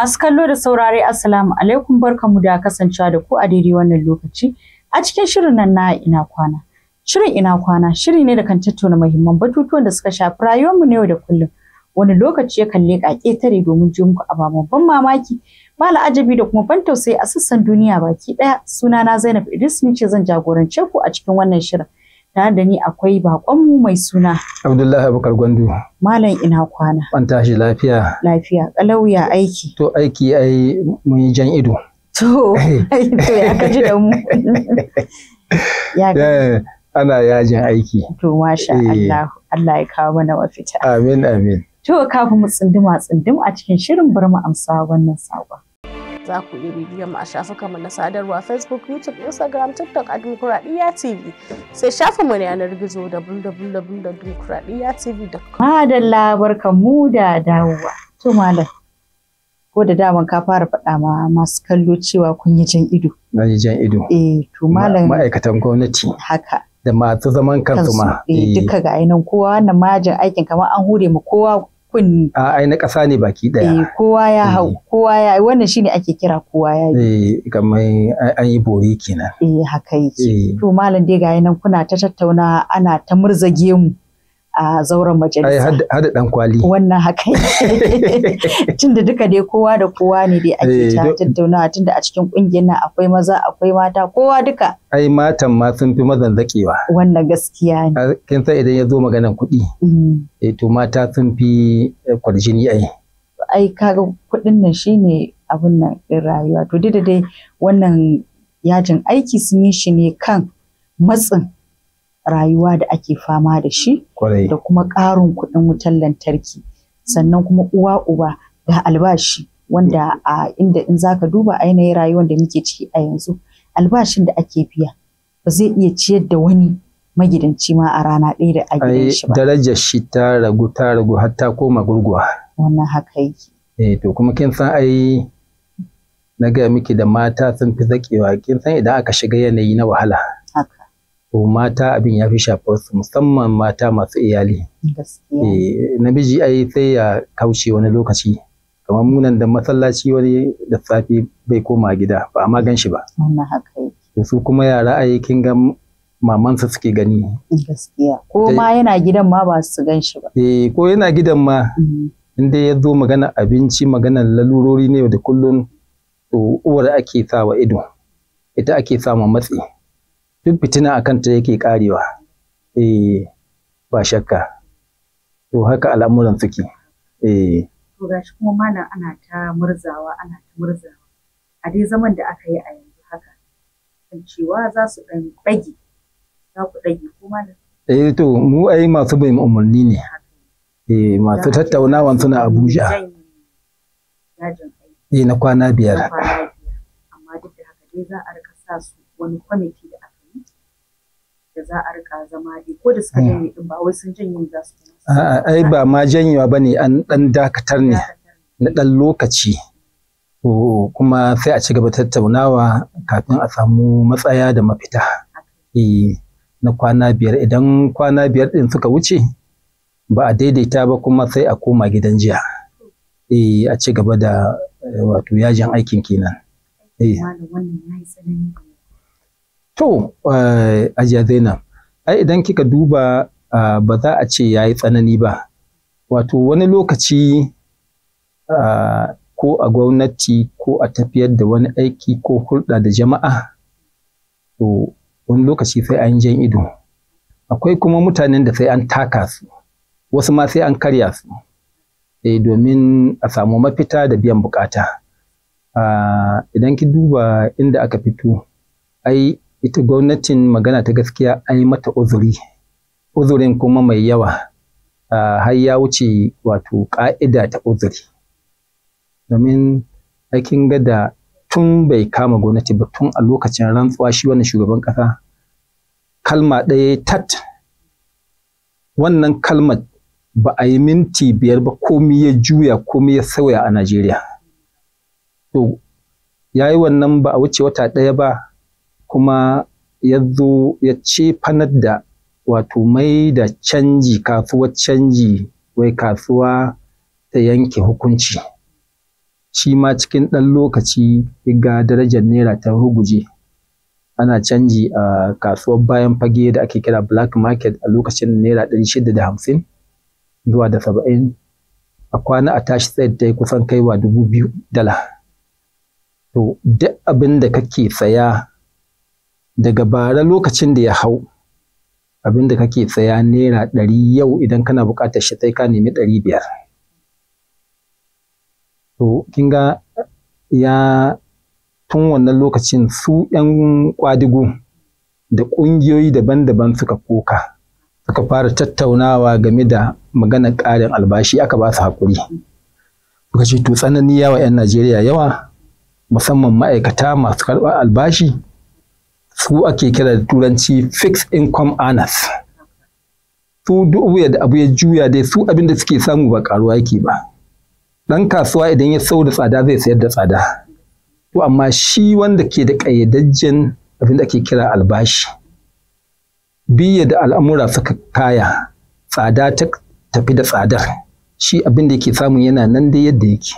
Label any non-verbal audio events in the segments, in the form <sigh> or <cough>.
Masu kallo da saurare Assalamu alaikum barkamu da kasancewa da ku a daidai wannan lokaci a cikin shirin nan na ina kwana. Shirin ina kwana shiri ne da kan tattauna muhimman batutuwan da suka shafi rayuwarmu na yau da kullum. Wani lokaci ya kalle ka ƙetare domin ji muku ababen ban mamaki, ba la'ajabi da kuma ban tausayi a sassan duniya baki ɗaya. Sunana Zainab Idris ni ce zan jagorance ku a cikin wannan shirin. tare da ni akwai bakonmu mai suna. Abdullahi Abubakar Gwandu. Malam ina kwana. An tashi lafiya. Lafiya, ƙalauya aiki. To aiki ai mun yi jan ido. To, to ya kaji da mu. ya eh, Ana yajin aiki. To masha eh. Allah, Allah ya kawo mana mafita. Amin, amin. To kafin mu tsinduma tsindim a cikin shirin bar mu amsa wannan saƙon. za ku iya bibiyar mu a shafukanmu na sadarwa facebook youtube instagram tiktok a dimokuraɗiyya tv sai shafin mu na yanar gizo www.dimokuraɗiyyatv.com madalla barkan mu da dawowa to malam ko da daman ka fara faɗa ma masu kallo cewa kun yi jan ido na yi jan ido eh to malam ma'aikatan gwamnati haka da masu zaman kansu ma eh, eh. duka ga ainihin kowa wannan majin aikin kamar an hure mu kowa kunni a ai na ƙasa ne baki ɗaya eh kowa ya hau mm. kowa ya wannan shine ake kira kowa ya eh kamar an yi bori kenan eh haka yake eh. to malam dai ga nan kuna ta tattauna ana ta murzage mu a zauren majalisa. Hada dan kwali. Wannan haka <laughs> Tunda duka dai kowa da kowa ne dai ake eh, ta tattaunawa tunda a cikin kungiyar nan akwai maza akwai mata kowa duka. Ai matan ma sun fi mazan zakewa. Wannan gaskiya ne. Kin san idan ya zo maganan kuɗi. Mm. Eh to mata sun fi eh, kwarjini ai. Ai kaga kuɗin nan shine abin nan ɗin rayuwa to duk da dai wannan yajin aiki sun yi shi ne kan matsin rayuwa da ake fama da shi da kuma ƙarin kuɗin wutar lantarki sannan kuma uwa uba da albashi wanda a inda in zaka duba ainihin rayuwar da muke ciki a yanzu albashin da ake biya ba zai iya ciyar da wani magidanci ma a rana ɗaya da a gidan shi ba. Darajar shi ta ragu ta ragu har ta koma gurguwa. Wannan haka yake. Eh to kuma kin san ai na gaya miki da mata sun fi zakewa kin san idan aka shiga yanayi na wahala. ko mata abin ya fi shafar su musamman mata masu iyali eh, namiji ai sai ya kauce wani lokaci kamar munan da masallaci wani da safe bai koma gida ba a gan shi ba su kuma yara ai kin ga mamansa suke gani gaskiya ko ma yana gidan ma ba su gan ba eh ko yana gidan ma mm. in ya zo magana abinci magana lalurori ne da kullun to uwar ake sawa ido ita ake samun matsi duk fitina a kanta yake karewa eh ba shakka to haka al'amuran suke eh to gashi kuma malam ana ta murzawa ana ta murzawa a dai zaman da aka yi a yanzu haka kan cewa za su dan bage za ku dage ko malam eh to mu ai masu bin umarni ne eh masu tattaunawan suna Abuja eh na kwana biyar amma duk da haka dai za a rika sa su wani kwamiti za a rika zama dai ko da suka hmm. janye din ba wai sun janye za su a'a ai ba ma janyewa bane an dan dakatar ne na dan lokaci Ko kuma sai a ci gaba tattaunawa kafin a samu matsaya da mafita eh na kwana biyar idan kwana biyar din suka wuce ba a daidaita ba kuma sai a koma gidan jiya eh a ci gaba da eh, wato yajin aikin kenan eh wannan yayi tsanani To, eh, Ajiya Zainab, ai idan kika duba eh, ba za a ce ya yi tsanani ba. Wato wani lokaci eh, ko a gwamnati ko a tafiyar da wani aiki ko hulɗa da jama'a, to wani lokaci sai an jan ido. Akwai kuma mutanen da sai an taka su, wasu ma sai an karya su, e, domin a samu mafita da biyan bukata. Idan ki duba inda aka fito, ai ita gwamnatin magana ta gaskiya an yi mata uzuri uzurin kuma mai yawa har ya wuce wato ƙa'ida ta uzuri domin aikin gada tun bai kama gwamnati ba tun a lokacin rantsuwa shi wannan shugaban ƙasa kalma ɗaya tat wannan kalmar ba a yi minti biyar ba komi ya juya komi ya sauya a Najeriya. To, ya yi wannan ba a wuce wata ɗaya ba kuma ya zo ya cefanar da wato mai da canji kasuwar canji wai kasuwa ta yanke hukunci shi ma cikin ɗan lokaci ga darajar naira ta ruguje ana canji a kasuwar bayan fage da ake kira black market a lokacin naira ɗari shida hamsin zuwa da saba'in a kwana a tashi tsaye ta yi kusan kaiwa dubu biyu dala to duk abin da kake saya daga bara lokacin da ya hau abinda kake tsaya naira ɗari yau idan kana buƙatar shi sai ka nemi ɗari biyar to kin ga ya tun wannan lokacin su 'yan kwadigo da ƙungiyoyi daban-daban suka koka suka fara tattaunawa game da maganar ƙarin albashi aka ba su haƙuri suka ce to tsanani yawa 'yan najeriya yawa musamman ma'aikata masu karɓar albashi su ake kira da turanci fixed income earners su duk da abu ya juya dai su abin da suke samu ba karuwa yake ba dan kasuwa idan ya sau da tsada zai sayar da tsada to amma shi wanda ke da ƙayyadajjen abin da ake kira albashi biya da al'amura suka kaya tsada ta tafi da tsadar shi abin da yake samu yana nan dai yadda yake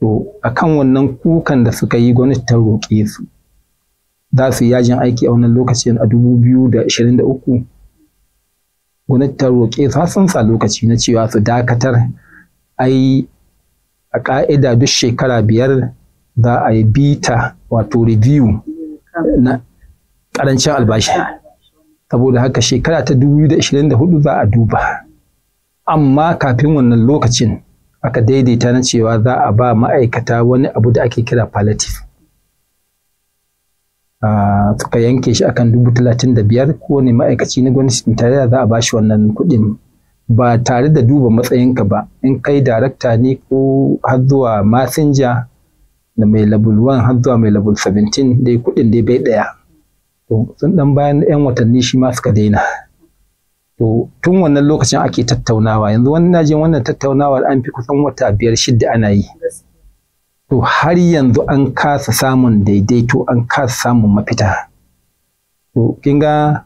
to akan wannan kukan da suka yi gwamnati ta roƙe su zasu yajin aiki a wannan lokacin a 2023 gwamnati ta roƙe sa lokaci na cewa su dakatar ai a ƙa'ida duk shekara biyar za a yi bita wato review na ƙarancin albashi saboda haka shekara ta 2024 za a duba amma kafin wannan lokacin aka daidaita na cewa za a ba ma'aikata wani abu da ake kira palliative suka yanke shi akan dubu talatin da biyar kowane ma'aikaci na gwamnatin tarayya za a bashi wannan kuɗin ba tare da duba matsayinka ba in kai darakta ne ko har zuwa masinja da mai level 1 har zuwa mai level 17 dai kuɗin dai bai ɗaya to sun ɗan bayan 'yan watanni shi ma suka daina to tun wannan lokacin ake tattaunawa yanzu wannan najin wannan tattaunawar an fi kusan wata biyar shidda ana yi to har yanzu an kasa samun daidaito an kasa samun mafita to kin ga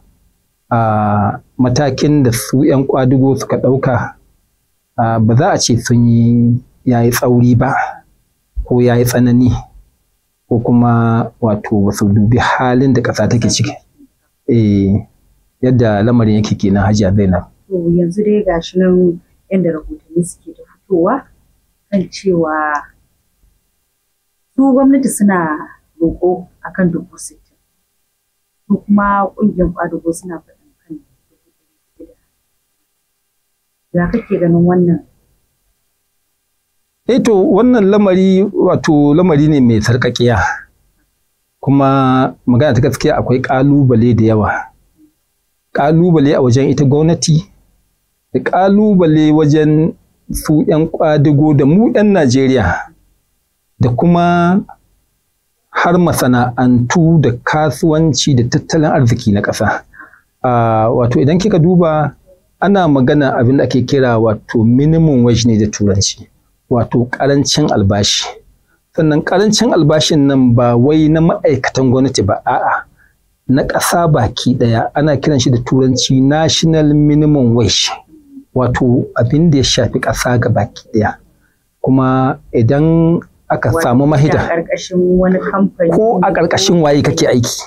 a matakin da su 'yan kwadugo suka ɗauka ba za a ce sun yi ya yi tsauri ba ko ya yi tsanani ko kuma wato wasu dubi halin da ƙasa take ciki eh yadda lamarin yake kenan hajiya zainab to yanzu dai gashi nan yadda rahotanni suke da kan cewa su gwamnati suna roƙo a kan dubu sittin su kuma ƙungiyar ƙwadago suna faɗin kan dubu ya kake ganin wannan eh to wannan lamari wato lamari ne mai sarƙaƙiya kuma magana ta gaskiya akwai ƙalubale da yawa ƙalubale a wajen ita gwamnati da ƙalubale wajen su 'yan ƙwadago da mu 'yan najeriya da kuma har masana'antu da kasuwanci da tattalin arziki na ƙasa. Wato idan kika duba ana magana abin da ake kira wato minimum wage ne da turanci, wato ƙarancin albashi. Sannan ƙarancin albashin nan ba wai na ma'aikatan gwamnati ba, a'a na ƙasa baki ɗaya ana kiran shi da turanci national minimum wage, wato abin da ya shafi ƙasa ga baki ɗaya. Kuma idan aka samu mahida ko a ƙarƙashin waye kake aiki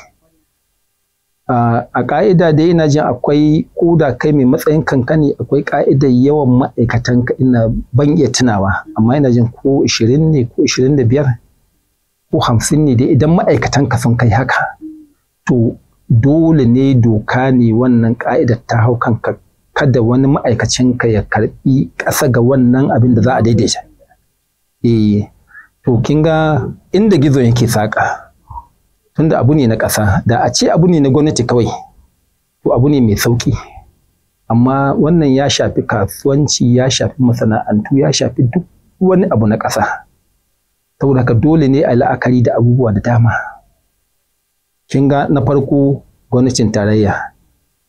a ƙa'ida da yana jin akwai koda kai mai matsayin kanka akwai ƙa'idar yawan ma'aikatan ka ina ban iya tunawa amma yana jin ko 20 ne ko 25 ko 50 ne dai idan ma'aikatan ka sun kai haka to dole ne doka ne wannan ƙa'idar ta hau kanka kada wani ma'aikacin ka ya karbi ƙasa ga wannan abin da za a daidaita eh to kin ga inda gizo yake saƙa tunda abu ne na ƙasa da a ce abu ne na gwamnati kawai to abu ne mai sauƙi amma wannan ya shafi kasuwanci ya shafi masana'antu ya shafi duk wani abu na ƙasa saboda ka dole ne a yi la'akari da abubuwa da dama kin ga na farko gwamnatin tarayya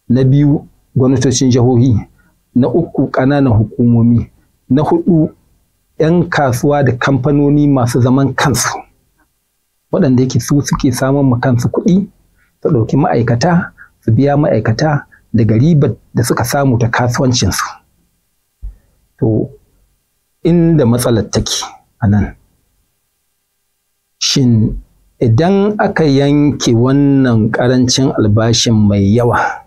na biyu gwamnatocin jihohi na uku ƙananan hukumomi na hudu 'yan kasuwa da kamfanoni masu zaman kansu waɗanda yake su suke samun ma kansu kuɗi su ɗauki ma'aikata su biya ma'aikata daga ribar da suka samu ta kasuwancinsu to inda matsalar take a nan shin idan aka yanke wannan ƙarancin albashin mai yawa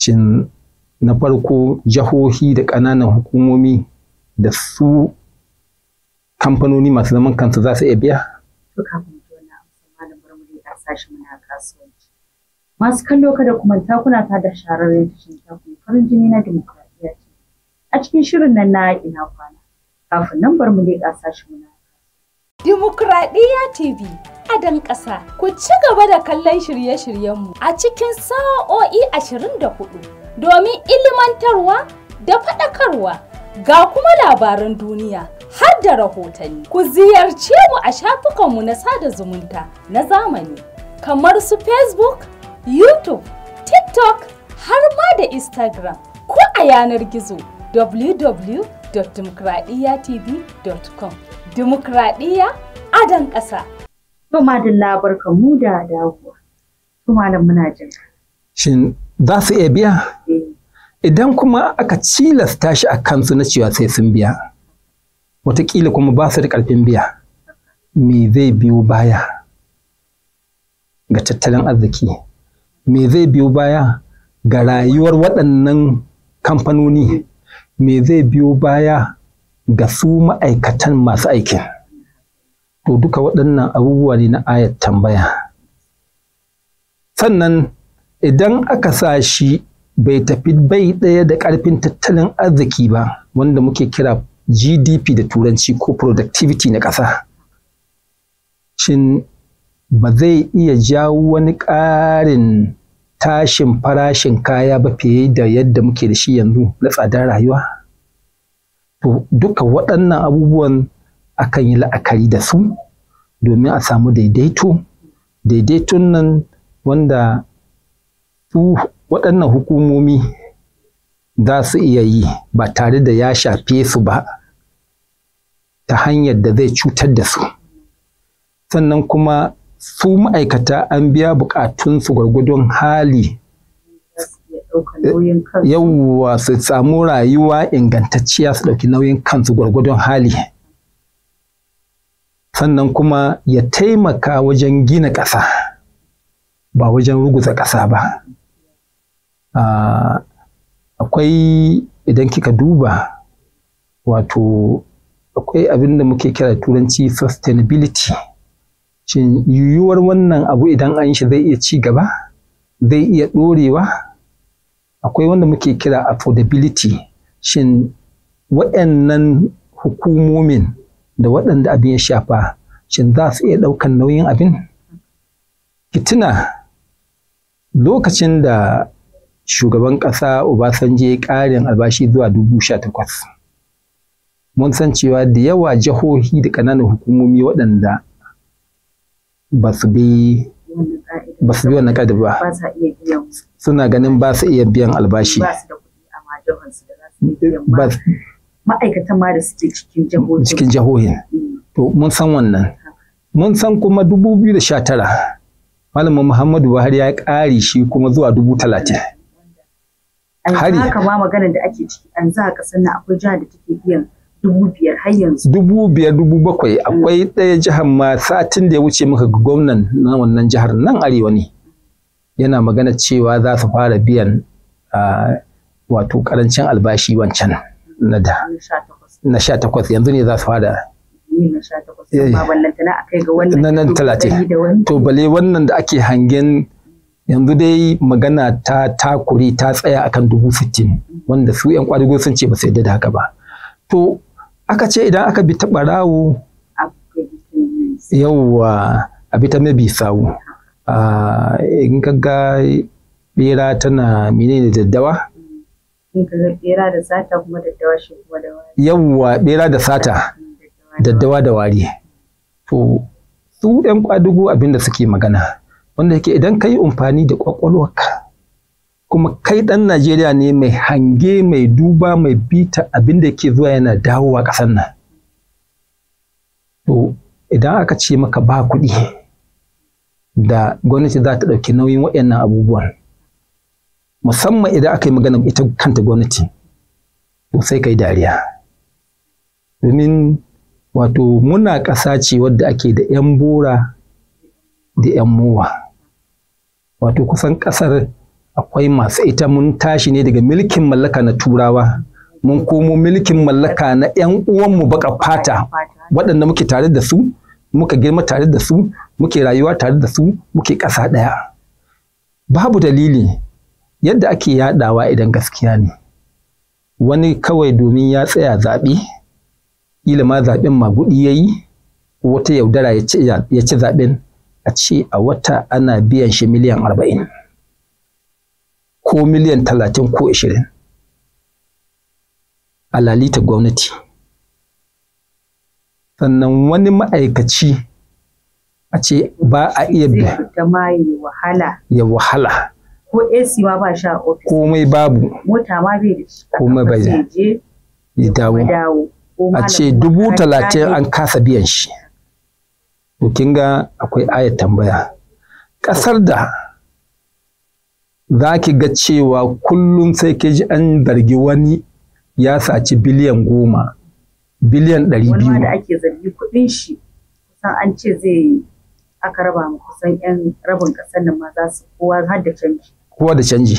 shin na farko jahohi da ƙananan hukumomi da su kamfanoni masu zaman kansu za su iya biya? Masu kallo kada kuma takuna ta da shararren shinkafa takuna farin jini na demokradiyya ce. A cikin shirin nan na ina kwana, kafin nan bar mu leƙa sashen na Dimokuraɗiyya TV a dan ƙasa ku ci gaba da kallon shirye-shiryenmu a cikin sa'o'i 24. domin ilimantarwa da faɗakarwa ga kuma labaran duniya har da rahotanni. Ku ziyarce mu a shafukanmu na sada zumunta na zamani kamar su Facebook, YouTube, TikTok har ma da Instagram ko a yanar gizo www.dimokuraɗiyyatv.com. Dimokuraɗiyya adon ƙasa. Tuma da labar kamu da dawowa. Tuma da muna jin. Shin za su iya biya idan kuma aka cilasta shi a kansu na cewa sai sun biya watakila kuma ba su da ƙarfin biya me zai biyo baya ga tattalin arziki me zai biyo baya ga rayuwar waɗannan kamfanoni me zai biyo baya ga su ma'aikatan masu aikin to duka waɗannan abubuwa ne na ayat tambaya sannan idan aka sa shi bai tafi bai ɗaya da ƙarfin tattalin arziki ba wanda muke kira gdp da turanci ko productivity na ƙasa shin ba zai iya jawo wani ƙarin tashin farashin kaya ba fiye da yadda muke da shi yanzu na tsadar rayuwa to duka waɗannan abubuwan akan yi la'akari da su domin a samu daidaito daidaiton nan wanda su waɗannan hukumomi za su iya yi ba tare da ya shafe su ba ta hanyar da zai cutar da su sannan kuma su ma'aikata an biya bukatunsu gwargwadon hali yawwa su samu rayuwa ingantacciya su ɗauki nauyin kansu gwargwadon hali sannan kuma ya taimaka wajen gina ƙasa ba wajen ruguza ƙasa ba Ah, akwai idan kika duba wato akwai abin da muke kira turanci sustainability shin yiwuwar wannan abu idan an shi zai iya ci gaba zai iya ɗorewa akwai wanda muke kira affordability shin waɗannan hukumomin da waɗanda abin ya shafa shin za su iya ɗaukan nauyin abin ki tuna lokacin da shugaban ƙasa Obasanjo ya ƙarin albashi zuwa dubu sha takwas. Mun san cewa da yawa jihohi da ƙananan hukumomi waɗanda ba su bi ba bi wannan ƙadi ba suna ganin ba su iya biyan albashi ma'aikatan ma da suke cikin jihohi. cikin to mun san wannan mun san kuma 2019 malamin Muhammadu Buhari ya ƙare shi kuma zuwa 2030 hari haka ma maganar da ake ciki an za ka sanna akwai jihar da take biyan dubu biyar har yanzu dubu biyar dubu bakwai mm. akwai ɗaya jihar ma satin da ya wuce maka gwamnan na wannan jihar nan arewa ne yana magana cewa za su fara biyan wato karancin albashi wancan na da na sha takwas yanzu ne za su fara na sha takwas. Eh. nan talatin to bale wannan da ake hangen yanzu dai magana ta takure ta tsaya akan dubu sittin wanda su yan kwadugo sun ce ba su yadda da haka ba to aka ce idan aka bi ta barawo yauwa a bi ta mabi sawu in ka ga bera tana mine da daddawa yauwa bera da sata daddawa da wari to su yan kwadugo abinda suke magana wanda yake idan ka yi amfani da kwakwalwarka kuma kai ɗan Najeriya ne mai hange mai duba mai bita abin da ke zuwa yana dawowa ƙasar nan to idan aka ce maka ba kuɗi da gwamnati za ta ɗauki nauyin waɗannan abubuwan musamman idan aka yi magana ita kanta gwamnati to sai kai dariya domin wato muna ƙasa ce wadda ake da 'yan bora da 'yan mowa wato kusan ƙasar akwai masu ita mun tashi ne daga milkin mallaka na turawa mun komo milkin mallaka na 'yan uwanmu baka fata waɗanda muke tare da su muka girma tare da su muke rayuwa tare da su muke ƙasa ɗaya babu dalili yadda ake yaɗawa idan gaskiya ne wani kawai domin ya tsaya zaɓe ƙila ma zaɓen maguɗi ya yi wata yaudara ya ci zaɓen a ce a wata ana biyan shi miliyan arba'in ko miliyan talatin ko ashirin a lalita gwamnati sannan wani ma'aikaci a ce ba a iya biya ya wahala ko AC ma ba sha ofis komai babu mota ma bai da shi komai bai da ya dawo a ce dubu talatin an kasa biyan shi kin ga akwai ayat tambaya ƙasar da za ki ga cewa kullum sai ke ji an zargi wani ya saci biliyan goma biliyan ɗari biyu wani da ake zargi kuɗin shi kusan an ce zai aka raba mu kusan yan rabin ƙasar nan ma za su kowa har da canji kowa da canji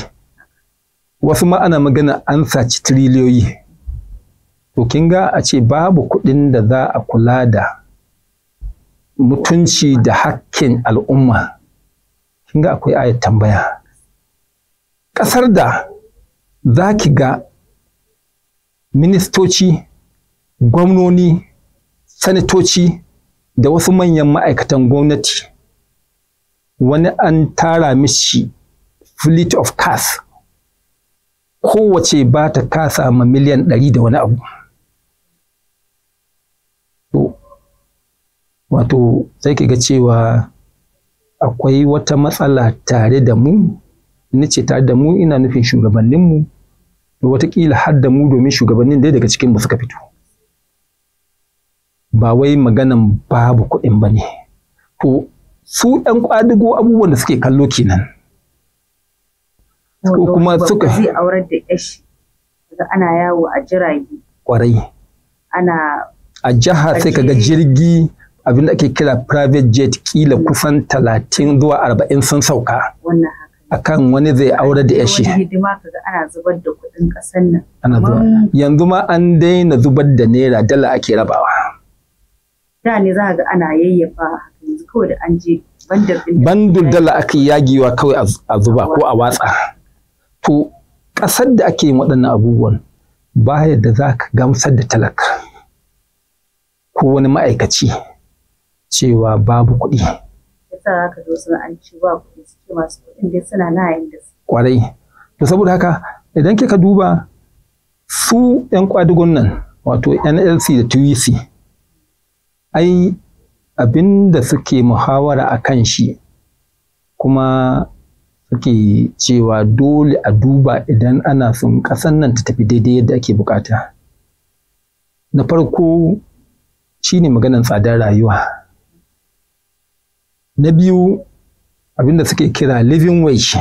wasu ma ana magana an saci tiriliyoyi to kin ga a ce babu kuɗin da za a kula da mutunci da hakkin al'umma kin ga akwai ayat tambaya ƙasar da za ki ga ministoci gwamnoni sanatoci da wasu manyan ma'aikatan gwamnati wani an tara mishi fleet of cars kowace ba ta kasa ma miliyan ɗari da wani abu wato sai ki ga cewa akwai wata matsala tare da mu ni ce tare da mu ina nufin shugabannin mu shugabanninmu watakila har da mu domin shugabannin dai daga cikin mu suka fito ba wai maganan babu kuɗin ba ne to su ɗan ƙwadago abubuwan da suke kallo kenan ko kuma suka fi aurar da yashi ana yawo a jirage kwarai ana a jiha sai kaga jirgi abinda ake kira private jet kila kusan talatin zuwa arba'in sun sauka akan wani zai aure da yashi ana zubar da kudin kasan nan yanzu ma an daina zubar da naira dala ake rabawa da ne za ga ana yayyafa yanzu kawai da an je bandar dala aka yagewa kawai a zuba ko a watsa to kasar da ake yin waɗannan abubuwan ba yadda za ka gamsar da talaka ko wani ma'aikaci cewa babu kuɗi. da Kwarai. To saboda haka idan kika duba su 'yan kwadugon nan wato NLC da TUC ai abin da suke muhawara a kan shi kuma suke cewa dole a duba idan ana son ƙasan nan ta tafi daidai yadda ake bukata. Na farko shi ne maganar tsadar rayuwa. na biyu abinda suke kira living wage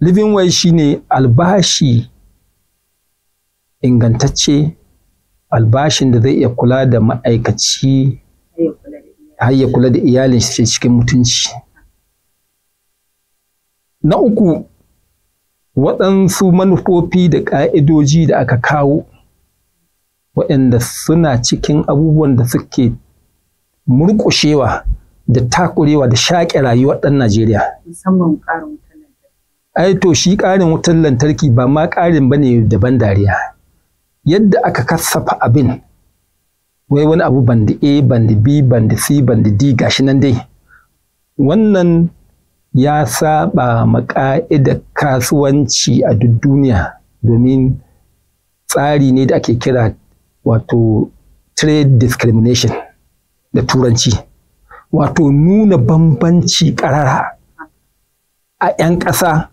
living wage shine albashi ingantacce albashin da zai iya kula da ma'aikaci har ya kula da iyalin shi cikin mutunci na uku waɗansu manufofi da ƙa'idoji da aka kawo waɗanda suna cikin abubuwan da suke murƙushewa da takurewa da shaƙe rayuwar ɗan Najeriya. Musamman Ai to shi ƙarin wutar lantarki ba ma ƙarin ba ne daban dariya. Yadda aka kassafa abin wai wani abu bandi A bandi B bandi C bandi D gashi nan dai. Wannan ya saba ma ƙa'idar kasuwanci a duk duniya domin tsari ne da ake kira wato trade discrimination. da turanci wato nuna bambanci ƙarara a 'yan ƙasa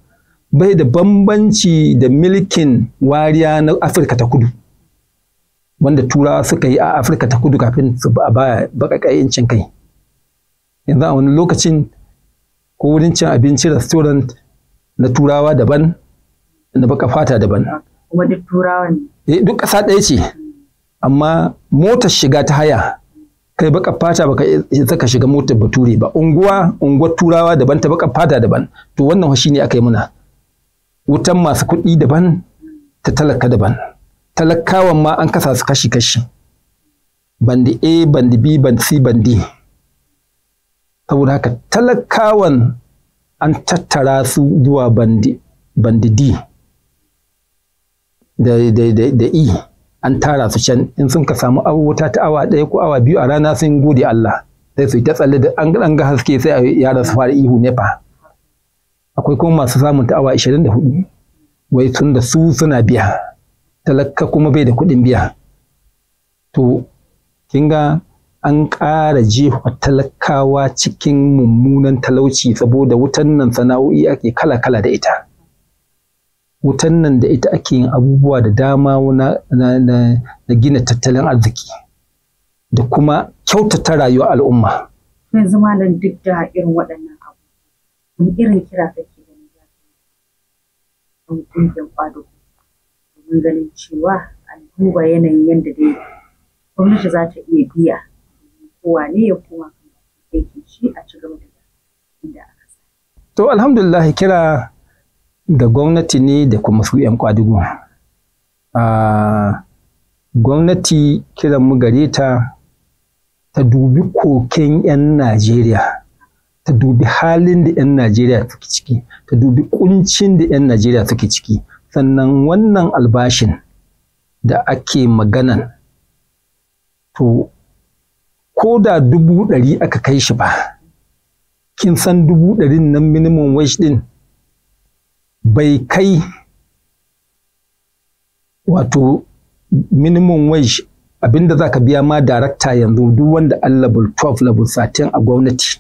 bai da bambanci da milkin wariya na afirka ta kudu wanda turawa suka yi a afirka ta kudu kafin su ba baya baƙaƙayancin kai yanzu a wani lokacin ko wurin cin abinci restaurant na turawa daban na baka fata daban wani turawa ne eh, duk ƙasa ɗaya ce amma motar shiga ta haya kai baka fata baka isa ka shiga motar bature ba unguwa unguwar turawa daban ta baka fata daban to wannan shi ne aka yi muna wutan masu kuɗi daban ta talaka daban talakawan ma an kasa su kashi kashi bandi a bandi b bandi c bandi saboda haka talakawan an tattara su zuwa bandi bandi d da, da, da, da e an tara su can in sun ka samu wuta ta awa ɗaya ko awa biyu a rana sun gode Allah sai su ta tsalle da an ga haske sai a yara su fara ihu nefa akwai kuma masu samun ta awa 24 wai sun da su suna biya talaka kuma bai da kuɗin biya to kin ga an ƙara jefa talakawa cikin mummunan talauci saboda wutan nan sana'o'i ake kala-kala da ita wutan nan da ita ake yin abubuwa da dama na, na, gina tattalin arziki da kuma kyautata rayuwar al'umma. Yanzu malam duk da irin waɗannan abu, wani irin kira kake da ni ka yi ƙungiyar ƙwado domin ganin cewa an duba yanayin yadda dai gwamnati za ta iya biya kowa ne ya koma aikin shi a ci gaba da inda aka To alhamdulillah kira da gwamnati ne da kuma su 'yan kwadugu gwamnati kiran mu gare ta ta dubi koken 'yan najeriya ta dubi halin da 'yan najeriya suke ciki ta dubi kuncin da 'yan najeriya suke ciki sannan wannan albashin da ake maganan to ko da dubu ɗari aka kai shi ba kin san dubu ɗarin nan minimum wage ɗin bai kai wato minimum wage abinda za ka biya ma darakta yanzu duk wanda an level 12 level 13 a gwamnati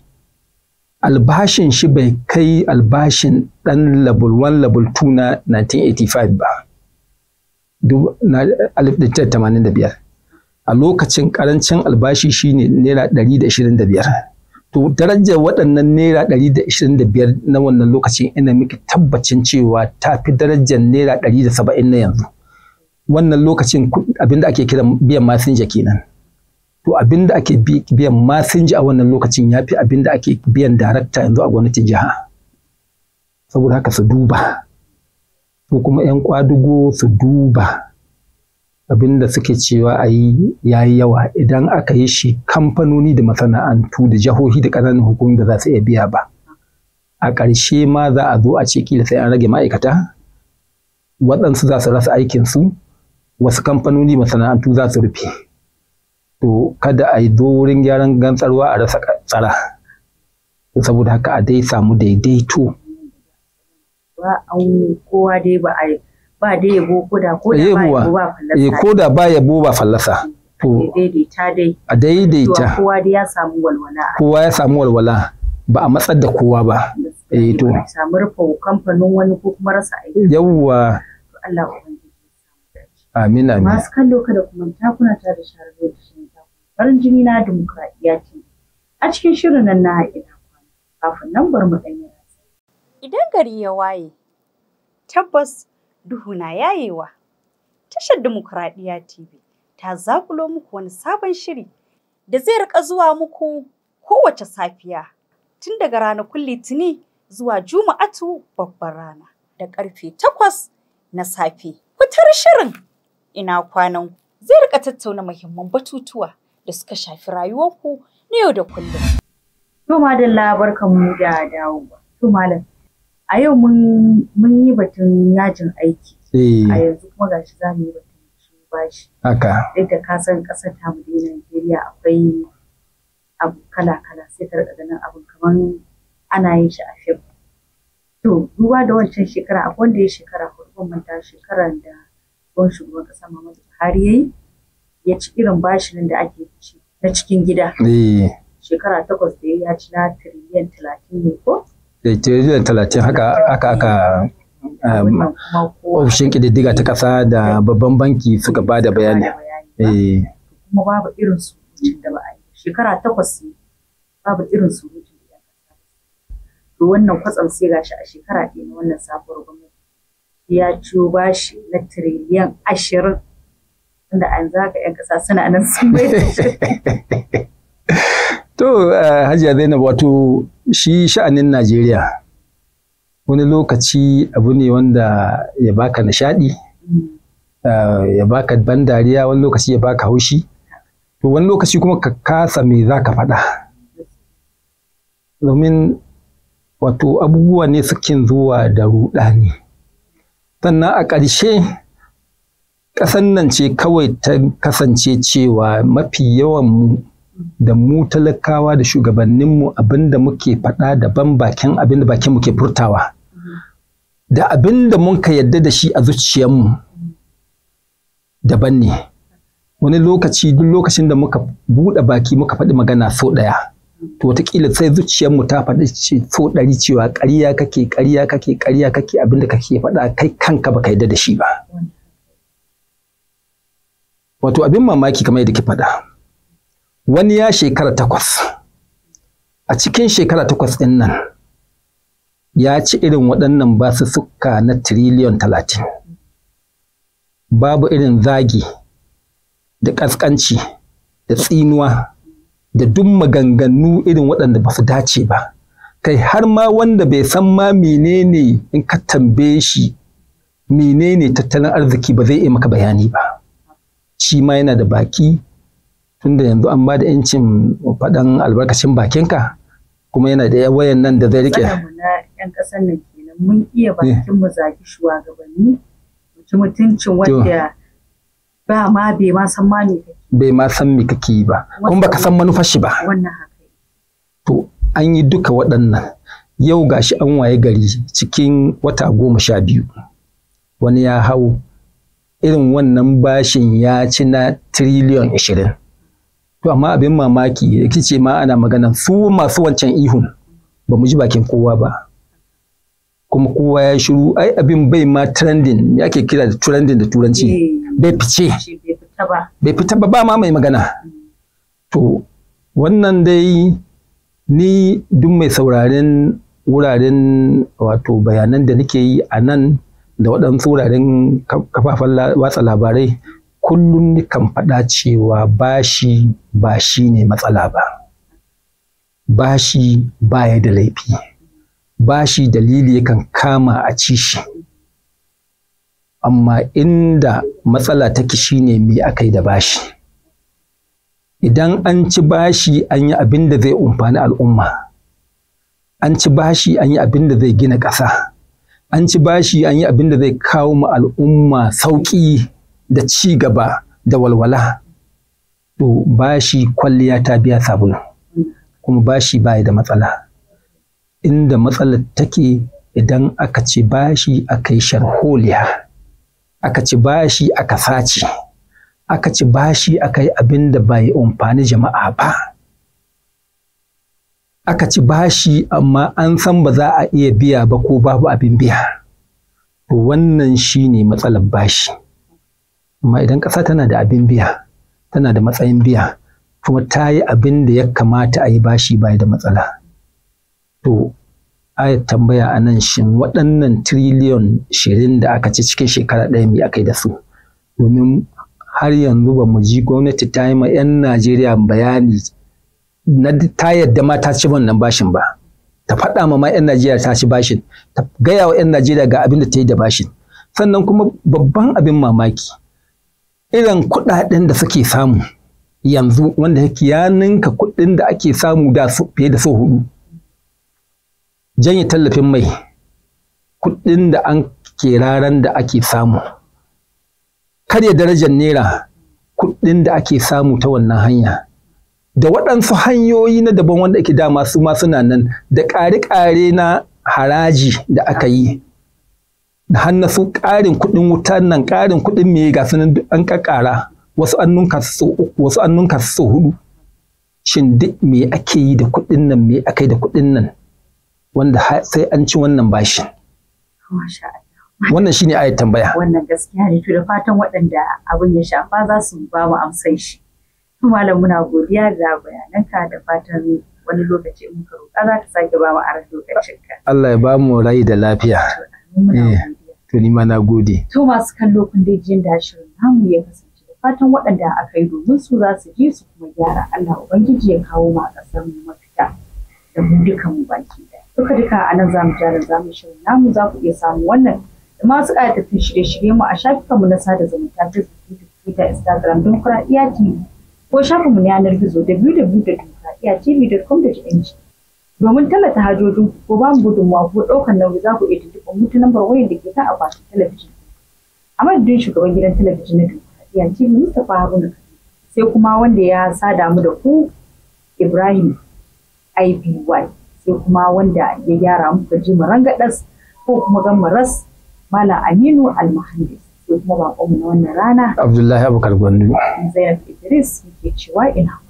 albashin shi bai kai albashin dan level 1 level 2 na 1985 ba duk na 1985 a lokacin karancin albashi shine naira 125 to darajar waɗannan naira ɗari da da ishirin biyar na wannan lokacin ina miki tabbacin cewa ta fi darajar naira ɗari da saba'in na yanzu wannan lokacin abinda ake kira biyan masinja kenan to abinda ake biyan masinja a wannan lokacin ya fi abinda ake biyan darakta yanzu a gwamnatin jiha saboda haka su duba ko kuma 'yan kwadugo su duba abin da suke cewa a yi ya yi yawa idan aka yi shi kamfanoni da masana'antu da jihohi da ƙananan hukumomi da za su iya biya ba a ƙarshe ma za a zo a ce kila sai an rage ma'aikata waɗansu za su rasa aikinsu wasu kamfanoni masana'antu za su rufe to kada a yi zo wurin gyaran gantsarwa a rasa tsara saboda haka a dai samu daidaito ba kowa dai ba a ba da yabo ko da ko da ba yabo ba fallasa ko a daidaita kowa dai ya samu walwala kowa ya samu walwala ba a matsar da kowa ba eh to wani ko kuma rasa aiki yawwa Allah ubangiji amin amin masu kallo kada kuma takuna ta da da shi farin jini na ce a cikin shirin nan na kafin nan bar mu ɗanyar idan gari ya waye tabbas duhu na yayewa. Tashar Dimokuraɗiyya TV ta zakulo muku wani sabon shiri da zai rika zuwa muku kowace safiya tun daga ranakun Litini zuwa Juma'atu babban rana da ƙarfe takwas na safe. kutar shirin ina kwanan zai rika tattauna muhimman batutuwa da suka shafi rayuwarku na yau da kullum. Yau da labar kan mu da dawo ba. a yau mun yi batun yajin aiki eh. a yanzu kuma gashi za mu yi batun shi bashi duk da kasan kasar mu da Najeriya akwai abu kala-kala sai ka ganin abu, kamar ana yin shi a fim to duba da wancan shekara akwai wanda ya shekara hudu ban manta shekaran da ruwan shugaban kasa Muhammadu Buhari yayi ya ci irin bashin da ake ci na cikin gida eh. shekara takwas da ya ci na tiriliyan talatin ne ko da talatin haka aka aka um, ofishin ƙididdiga ta ƙasa da babban banki suka ba da bayani. Eh. Kuma babu irin su da ba a yi. Shekara takwas babu irin su da To wannan kwatsam sai gashi a shekara ɗaya na wannan sabuwar gwamnati ya ciwo bashi na tiriliyan ashirin wanda an zaga 'yan ƙasa suna nan sun bai <laughs> To eh, Hajiya Zainab wato shi sha'anin Najeriya wani lokaci abu ne wanda ya baka nishaɗi eh, ya baka ban dariya wani lokaci ya baka haushi to wani lokaci kuma ka kasa me za ka faɗa domin wato abubuwa ne sukin zuwa da ruɗani sannan a ƙarshe ƙasan nan ce kawai ta kasance cewa mafi yawan mu da mu talakawa da shugabanninmu abinda muke faɗa daban bakin abinda bakin muke furtawa da abinda mun ka yadda da shi a zuciyarmu daban ne wani lokaci duk lokacin da muka buɗe baki muka faɗi magana so ɗaya to wataƙila sai zuciyarmu ta faɗi so ɗari cewa ƙarya kake ƙarya kake ƙarya kake abinda kake faɗa kai kanka baka yadda da shi ba wato abin mamaki kamar yadda ki faɗa wani ya shekara takwas a cikin shekara takwas ɗin nan ya ci irin waɗannan suka na tiriliyon talatin babu irin zagi da ƙasƙanci da tsinuwa da duk maganganu irin waɗanda ba su dace ba kai har ma wanda bai san ma menene in ka tambaye shi menene tattalin arziki ba zai iya maka bayani ba shi ma yana da baki tunda yanzu an ba da yancin faɗan albarkacin bakinka kuma yana da wayan nan da zai rike. na 'yan ƙasar nan kenan mun iya eh. bakin mu zaki shugabanni mutum mutuncin wanda ba ma bai ma san ma ne kake. Bai ma san me kake yi ba kuma baka san manufar shi ba. Wannan haka. To an yi duka waɗannan yau gashi an waye gari cikin wata goma sha biyu wani ya hau irin wannan bashin ya ci na tiriliyon ashirin. to amma abin mamaki yake ce ma ana magana su masu wancan ihun ba mu ji bakin kowa ba kuma kowa ya shiru ai abin bai ma trending Me ake kira da trending da turanci eh, bai fice bai fita ba ba ma mai magana to wannan dai ni duk mai sauraren wuraren wato bayanan da nake yi a nan da waɗansu wuraren kafafen watsa labarai kullum kan faɗa cewa bashi ba shi ne matsala ba bashi baya da laifi bashi dalili yakan kama a ci shi amma inda matsala take shine me aka yi da bashi idan an ci bashi an yi abin da zai umfani al'umma an ci bashi an yi abin da zai gina ƙasa an ci bashi an yi abin da zai kawo ma al'umma sauƙi da ci gaba da walwala to bashi kwalliya ta biya sabulu kuma bashi baya da matsala inda matsalar take idan aka ce bashi aka yi sharholiya aka ci bashi aka sace aka ci bashi aka yi abin da bai amfani jama'a ba aka ci bashi amma an san ba za a iya biya ba ko babu abin biya to wannan shine matsalar bashi amma idan ƙasa tana da abin biya tana da matsayin biya kuma ta yi abin da ya kamata a yi bashi bai da matsala to ayat tambaya a nan shin waɗannan tiriliyon shirin da aka ci cikin shekara ɗaya mai aka yi da su domin har yanzu ba mu ji gwamnati ta yi ma 'yan najeriya bayani na ta yadda ma ta ci wannan bashin ba ta faɗa ma ma 'yan najeriya ta ci bashin ta gaya wa 'yan najeriya ga abin da ta yi da bashin sannan kuma babban abin mamaki irin kuɗaɗen da suke samu yanzu wanda yake ya ninka kuɗin da ake samu da fiye da so hudu janye tallafin mai kuɗin da an raran da ake samu karya darajar naira kuɗin da ake samu ta wannan hanya da waɗansu hanyoyi na daban wanda ake dama su ma suna nan da ƙare-ƙare na haraji da aka yi sun ƙarin kuɗin wuta nan ƙarin kuɗin me ga sunan an ƙaƙara wasu an nunka su uku wasu an su hudu shin duk me ake yi da kuɗin nan me aka yi da kuɗin nan wanda sai an ci wannan bashin wannan shine ayat tambaya wannan gaskiya ne to da fatan waɗanda abin ya shafa za su ba mu amsan shi to malam muna godiya da bayananka da fatan wani lokaci in muka roƙa za ka sake ba mu aran lokacin ka Allah ya ba mu rai da lafiya Eh, to ni ma na gode to masu kallo kun dai jin da shirin namu ya kasance da fatan waɗanda aka yi domin su za su je su kuma gyara Allah ubangiji ya kawo ma kasar mu mafita da mu duka mu baki ɗaya duka duka a nan zamu jara zamu shirin namu za ku iya samu wannan da masu ƙayatattun shirye-shirye mu a mu na sada zumunta Facebook Twitter Instagram Iya TV ko shafinmu na yanar gizo www.dimokuraɗiyyatv.com.ng Domin tallata hajojin ko bamu mu gudunmawa ko ɗaukar nauyi za ku iya tuntuɓar mutu lambar wayar da ke ta akwatin talabijin. A madadin shugaban gidan talabijin na Dimokuraɗiyya TV Mustapha Haruna sai kuma wanda ya sada mu da ku Ibrahim IBY sai kuma wanda ya gyara mu da jima rangadas ko kuma maras Malam Aminu Almahandis sai kuma baƙonmu na wannan rana. Abdullahi Abubakar Gwandu. Zainab Idris muke cewa ina.